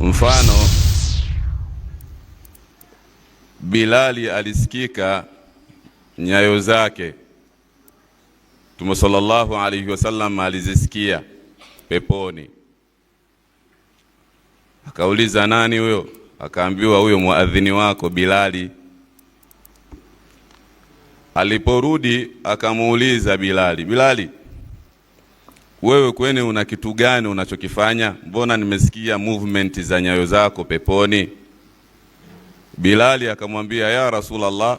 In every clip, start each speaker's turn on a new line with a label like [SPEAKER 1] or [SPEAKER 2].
[SPEAKER 1] Mfano, Bilali alisikika nyayo zake Mtume sallallahu alaihi wasallam alizisikia peponi, akauliza nani huyo? Akaambiwa huyo muadhini wako Bilali. Aliporudi akamuuliza Bilali, Bilali wewe kweni una kitu gani unachokifanya? Mbona nimesikia movement za nyayo zako peponi? Bilali akamwambia ya Rasulullah,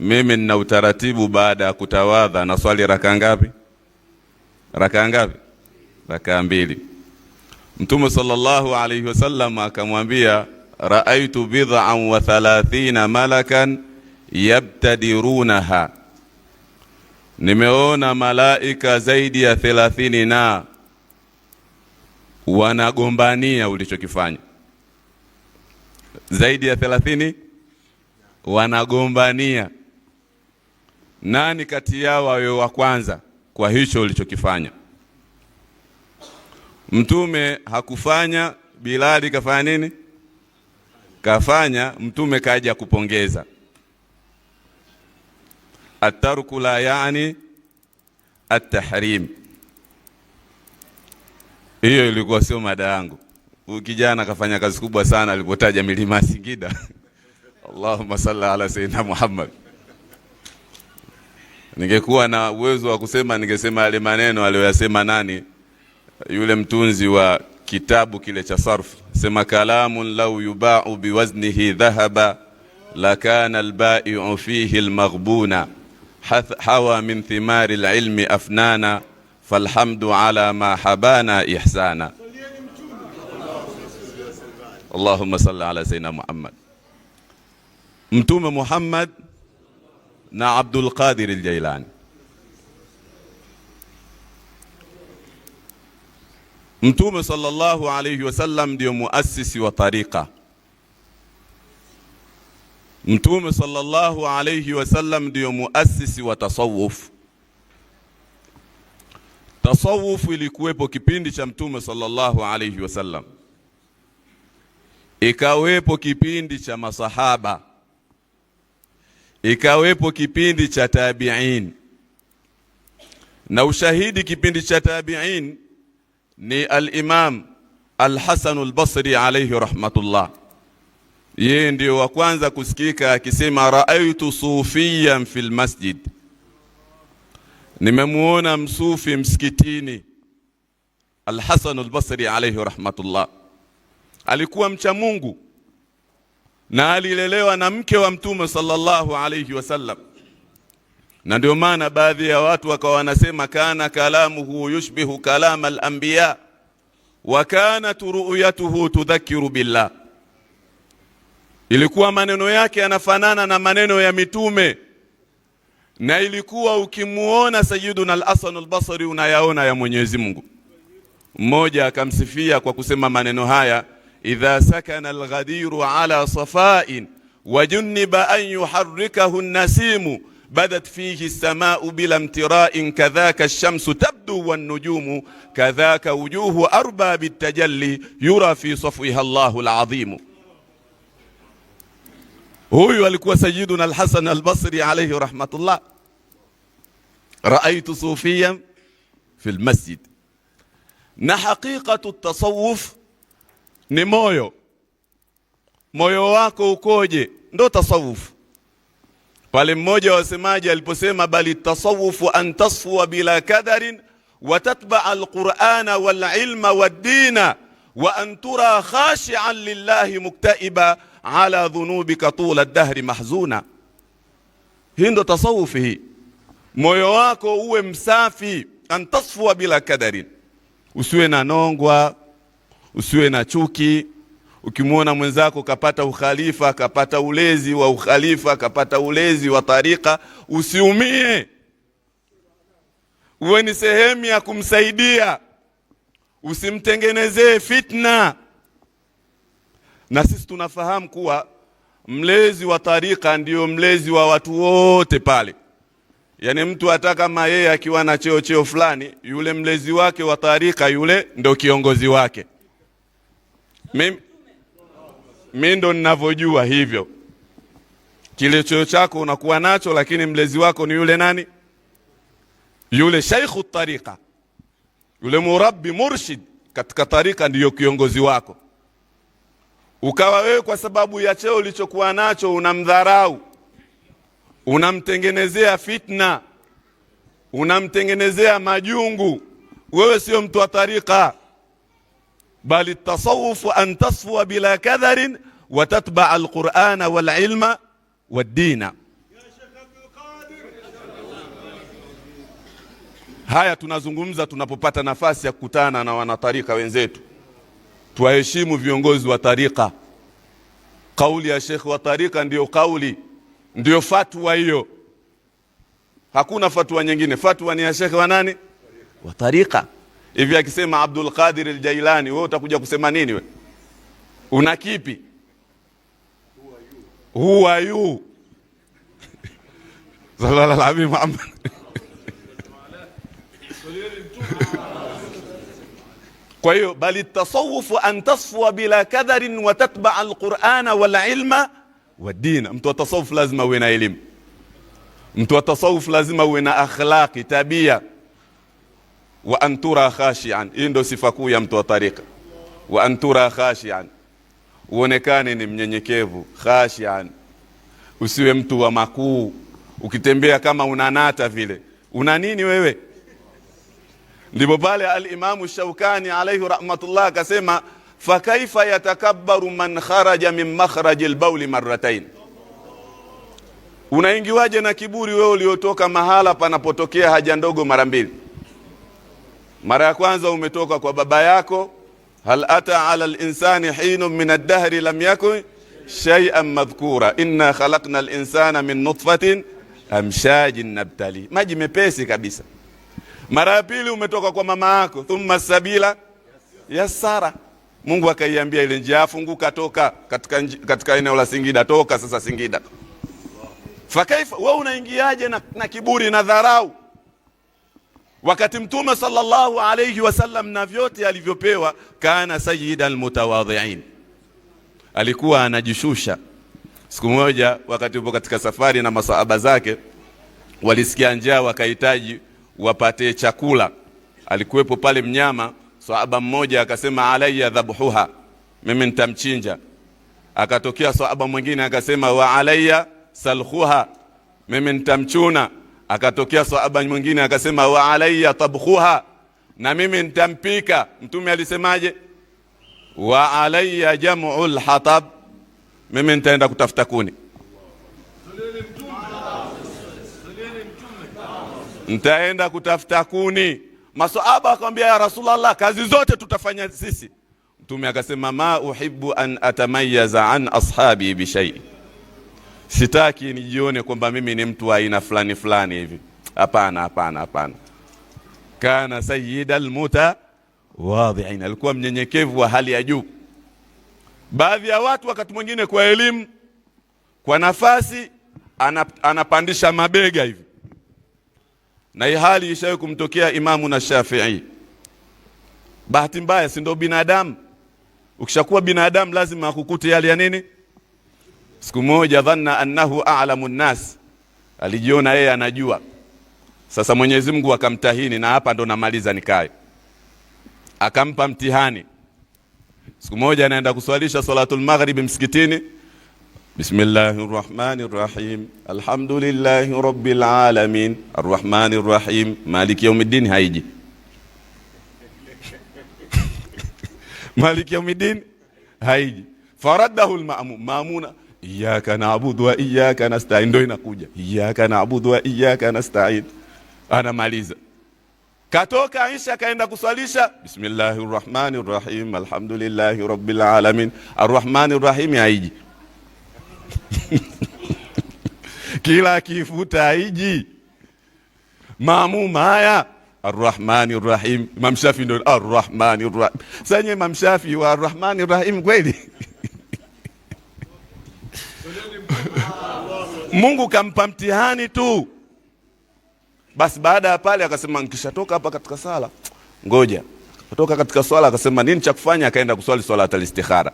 [SPEAKER 1] mimi nina utaratibu baada ya kutawadha na swali raka ngapi? Raka ngapi? Raka mbili. Mtume sallallahu alayhi wasallam akamwambia raaitu bid'an wa thalathina malakan yabtadirunaha nimeona malaika zaidi ya thelathini na wanagombania ulichokifanya. Zaidi ya thelathini wanagombania nani kati yao awe wa kwanza kwa hicho ulichokifanya. Mtume hakufanya, Bilali kafanya nini? Kafanya. Mtume kaja kupongeza atarku la yani atahrim. Hiyo ilikuwa sio mada yangu. Huyu kijana akafanya kazi kubwa sana alipotaja milima ya Singida. Allahumma salli ala sayyidina Muhammad. Ningekuwa na uwezo wa kusema ningesema yale maneno aliyoyasema nani, yule mtunzi wa kitabu kile cha sarf, sema kalamun lau yubau biwaznihi dhahaba lakana albaiu fihi almaghbuna حوى من ثمار العلم أفنانا فالحمد على ما حبانا إحسانا اللهم صل على سيدنا محمد متوم محمد نا عبد القادر الجيلاني متوم صلى الله عليه وسلم دي مؤسس وطريقه Mtume sallallahu alayhi wasallam ndiyo muasisi wa tasawuf. Tasawuf ilikuwepo kipindi cha Mtume sallallahu alayhi wasallam, ikawepo kipindi cha masahaba, ikawepo kipindi cha tabi'in, na ushahidi kipindi cha tabi'in ni al-Imam al-Hasan al-Basri alayhi rahmatullah yeye ndio wa kwanza kusikika akisema raaitu sufiyan fil masjid, nimemuona msufi msikitini. alhasanu lbasri alayhi rahmatullah alikuwa mcha Mungu na alilelewa na mke wa Mtume sallallahu alayhi wasallam, na ndio maana baadhi ya watu wakawa wanasema kana kalamuhu yushbihu kalama alanbiya wa kanat ru'yatuhu tudhakiru billah Ilikuwa maneno yake yanafanana na maneno ya mitume, na ilikuwa ukimuona Sayyiduna al-Hasan al-Basri unayaona ya Mwenyezi Mungu. Mmoja akamsifia kwa kusema maneno haya, idha sakana al-ghadiru ala safain wajuniba an yuharrikahu an-nasimu badat fihi as-samau bila imtira'in kadhaka ash-shamsu tabdu wan-nujumu kadhaka wujuhu arba bitajalli yura fi safwiha Allahu al-azimu Huyu alikuwa Sayyiduna al-Hasan al-Basri alayhi rahmatullah. Raaitu sufiyan fi al-masjid. Na haqiqatu at-tasawuf ni moyo. Moyo wako ukoje? Ndo tasawuf. Pale mmoja wa wasemaji aliposema bali tasawufu an tasfuwa bila kadarin wa tatbaa al-Qur'ana wal wa antura tura khashian lillahi muktaiba ala dhunubika tula dahri mahzuna. Hii ndo tasawufi hii, moyo wako uwe msafi, antasfua bila kadarin, usiwe na nongwa, usiwe na chuki. Ukimwona mwenzako kapata ukhalifa, kapata ulezi wa ukhalifa, kapata ulezi wa tarika, usiumie, uwe ni sehemu ya kumsaidia usimtengenezee fitna. Na sisi tunafahamu kuwa mlezi wa tarika ndiyo mlezi wa watu wote pale, yaani mtu hata kama yeye akiwa na cheo cheo fulani, yule mlezi wake wa tarika yule ndo kiongozi wake. Mimi mi ndo ninavyojua hivyo. Kile cheo chako unakuwa nacho, lakini mlezi wako ni yule nani? Yule shaikhu tarika. Yule murabi murshid katika tarika ndiyo kiongozi wako, ukawa wewe kwa sababu ya cheo ulichokuwa nacho unamdharau, unamtengenezea fitna, unamtengenezea majungu. Wewe sio mtu wa tarika, bali tasawufu an tasfua bila kadharin watatbaa alqurana walilma waddina Haya tunazungumza tunapopata nafasi ya kukutana na wanatarika wenzetu. Tuwaheshimu viongozi wa tarika. Kauli ya shekhe wa tarika ndiyo kauli, ndiyo fatwa hiyo. Hakuna fatwa nyingine. Fatwa ni ya shekhe wa nani? Wa tarika. Hivi akisema Abdul Qadir al-Jailani, wewe utakuja kusema nini? We una kipi? Who are you? Sallallahu alaihi kwa hiyo bali tasawufu an tasfua bila kadharin wa tatbaa alqurana walilma wadina. Mtu wa tasawuf lazima uwe na elimu, mtu wa tasawuf lazima uwe na akhlaqi, tabia wa antura khashian. Hii ndio sifa kuu ya mtu wa tariqa. wa antura khashian, uonekane ni mnyenyekevu. Khashian, usiwe mtu wa makuu, ukitembea kama unanata vile. Una nini wewe? Ndipo pale alimamu Shaukani alaihi rahmatullah akasema, fakaifa yatakabbaru man kharaja min makhraji lbauli marratain, unaingiwaje na kiburi wewe uliotoka mahala panapotokea haja ndogo mara mbili. Mara ya kwanza umetoka kwa baba yako, hal ata ala linsani hinu min addahri lam yakun shay'an madhkura inna khalaqna linsana min nutfatin amshajin nabtali, maji mepesi kabisa mara ya pili umetoka kwa mama yako, thumma sabila yasara. Mungu akaiambia ile njia, afunguka toka katika, katika eneo la Singida, toka sasa Singida. Fakaifa, wewe unaingiaje na, na kiburi na dharau, wakati Mtume sallallahu alayhi wasallam na vyote alivyopewa, kana sayyidal mutawadhiin, alikuwa anajishusha. Siku moja wakati upo katika safari na masahaba zake walisikia njaa, wakahitaji wapate chakula. Alikuwepo pale mnyama, sahaba mmoja akasema alayya dhabhuha, mimi nitamchinja. Akatokea sahaba mwingine akasema wa alayya salkhuha, mimi nitamchuna. Akatokea sahaba mwingine akasema wa alayya tabkhuha, na mimi nitampika. Mtume alisemaje? wa alayya jam'ul hatab, mimi nitaenda kutafuta kuni ntaenda kutafuta kuni. Maswahaba akamwambia ya Rasulullah, kazi zote tutafanya sisi. Mtume akasema ma uhibbu an atamayaza an ashabi bishai, sitaki nijione kwamba mimi ni mtu wa aina fulani fulani hivi. Hapana, hapana, hapana. Kana sayyidal wadhi'in, alikuwa mnyenyekevu wa hali ya juu. Baadhi ya watu wakati mwingine kwa elimu, kwa nafasi, anap, anapandisha mabega hivi na hali ishawahi kumtokea Imamu na Shafii. Bahati mbaya, si ndio binadamu? Ukishakuwa binadamu lazima akukute yale ya nini. Siku moja, dhanna annahu a'lamu nnas, alijiona yeye anajua. Sasa Mwenyezi Mungu akamtahini, na hapa ndo namaliza nikae, akampa mtihani. Siku moja anaenda kuswalisha salatul maghribi msikitini بسم الله الرحمن الرحيم الحمد لله رب العالمين الرحمن الرحيم مالك يوم الدين هايجي مالك يوم الدين هايجي فرده المأمون مامون إياك نعبد وإياك نستعين دوين كوجا إياك نعبد وإياك نستعين أنا ماليزا katoka بسم الله الرحمن الرحيم الحمد لله رب العالمين الرحمن الرحيم يا haiji kila kifuta iji maamuma haya Arrahmani Rahim. Imam Shafi ndo Arrahmani Rahim. Sasa nyewe Imam Shafi wa Arrahmani Rahim kweli? Mungu kampa mtihani tu. Basi baada ya pale akasema nikishatoka hapa katika sala, ngoja. Kutoka katika swala akasema nini cha kufanya, akaenda kuswali swala al-istikhara.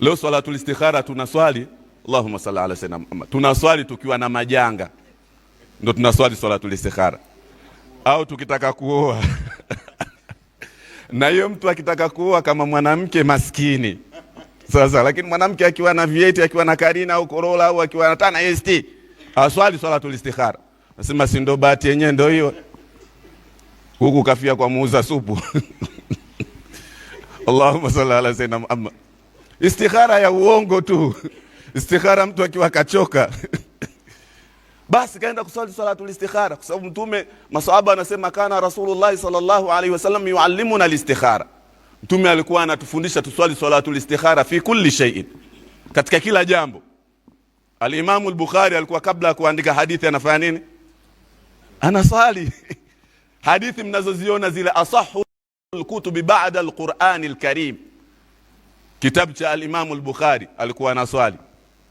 [SPEAKER 1] Leo swala al-istikhara tuna swali Allahumma salli ala sayyidina Muhammad. Tunaswali tukiwa na majanga ndo tunaswali swala tulistikhara au tukitaka kuoa na hiyo mtu akitaka kuoa kama mwanamke maskini sasa, lakini mwanamke akiwa na vieti akiwa na Karina au Corolla au akiwa na Tana ST aswali ah, swala istikhara, nasema si ndo bahati yenyewe ndo hiyo, huku kafia kwa muuza supu Allahumma salli ala sayyidina Muhammad. Istikhara ya uongo tu Istikhara mtu akiwa kachoka basi kaenda kuswali swala salatu istikhara kwa sababu mtume, masahaba anasema kana Rasulullah sallallahu alaihi wasallam yuallimuna alistikhara Mtume alikuwa anatufundisha tuswali swala salatu istikhara fi kulli shay'in, katika kila jambo. Alimamu al-Bukhari alikuwa kabla ya kuandika hadithi anafanya nini? Anasali hadithi mnazoziona zile, asahhu al kutub ba'da al-Qur'an al-Karim, kitabu cha alimamu al-Bukhari alikuwa anaswali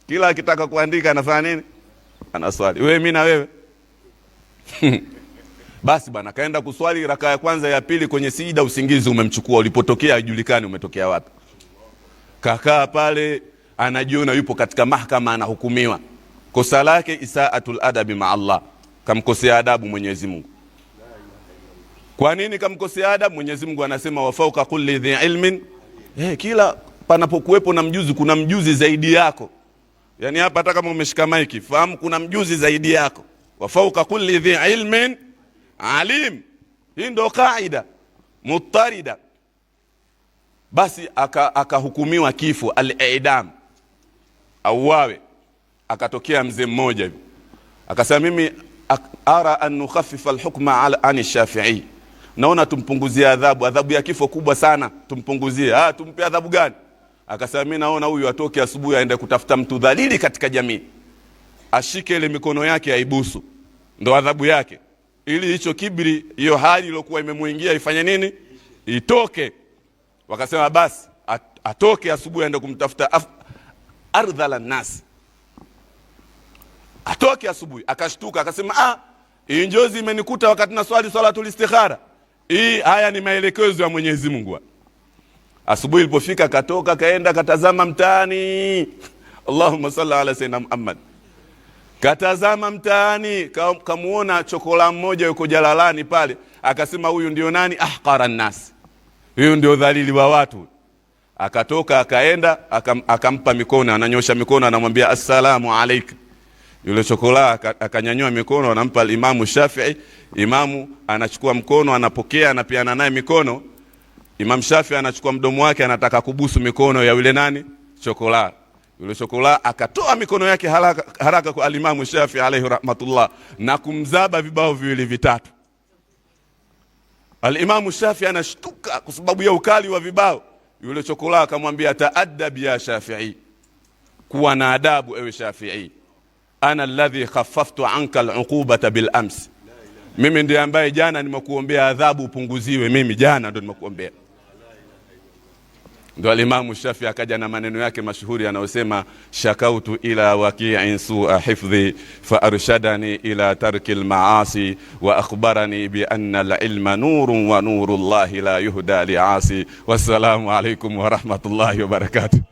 [SPEAKER 1] kila akitaka kuandika anafanya nini? Anaswali. Wewe mimi na wewe basi bwana, kaenda kuswali raka ya kwanza ya pili kwenye sijida, usingizi umemchukua, ulipotokea haijulikani, umetokea wapi? Kakaa pale anajiona yupo katika mahakama, anahukumiwa kosa lake, isaatul adabi ma Allah, kamkosea adabu Mwenyezi Mungu. Kwa nini kamkosea adabu? Mwenyezi Mungu anasema wa fauka kulli dhi ilmin, eh, kila panapokuwepo na mjuzi kuna mjuzi zaidi yako. Yani hapa hata kama umeshika maiki, fahamu kuna mjuzi zaidi yako. Wa fauka kulli dhi ilmin alim. Hii ndo kaida mutarida. Basi akahukumiwa aka kifo al-idam, auawe. Akatokea mzee mmoja hivi akasema, mimi ara an nukhaffifa al-hukma an Shafi'i, naona tumpunguzie adhabu, adhabu ya kifo kubwa sana, tumpunguzie. Ah, tumpe adhabu gani? Akasema mimi naona huyu atoke asubuhi aende kutafuta mtu dhalili katika jamii, ashike ile mikono yake aibusu, ndo adhabu yake, ili hicho kibri, hiyo hali iliyokuwa imemuingia ifanye nini, itoke. Wakasema basi atoke asubuhi aende kumtafuta ardhala nasi, atoke asubuhi. Akashtuka akasema ah, hii njozi imenikuta wakati na swali swala tulistikhara hii. Haya ni maelekezo ya Mwenyezi Asubuhi ilipofika katoka kaenda katazama mtaani, Allahumma salli ala sayyidina Muhammad. Katazama mtaani kamuona chokola mmoja yuko jalalani pale, akasema huyu ndio nani? Ahqara nnas, huyu ndio dhalili wa watu. Akatoka akaenda akam, akampa mikono, ananyosha mikono, anamwambia assalamu alaikum. Yule chokola akanyanyua mikono, anampa Imamu Shafi'i. Imamu anachukua mkono, anapokea, anapeana naye mikono Imam Shafi anachukua mdomo wake anataka kubusu mikono ya yule nani chokola yule chokola akatoa mikono yake haraka, haraka kwa alimamu Shafi alaihi rahmatullah na kumzaba vibao viwili vitatu. Alimamu Shafi anashtuka kwa sababu ya ukali wa vibao. Yule chokola akamwambia, taadab ya Shafi'i, kuwa na adabu ewe Shafi'i, ana alladhi khaffaftu anka aluqubata bil amsi, mimi ndiye ambaye jana nimekuombea adhabu upunguziwe, mimi jana ndo nimekuombea Ndo alimamu Shafi akaja na maneno yake mashuhuri yanayosema shakautu ila wakiin sua hifdhi fa arshadani ila tarki lmaasi wa akhbarani bianna alilma nurun wa nuru llahi la yuhda liasi. Wassalamu alaikum warahmatullahi wabarakatuh.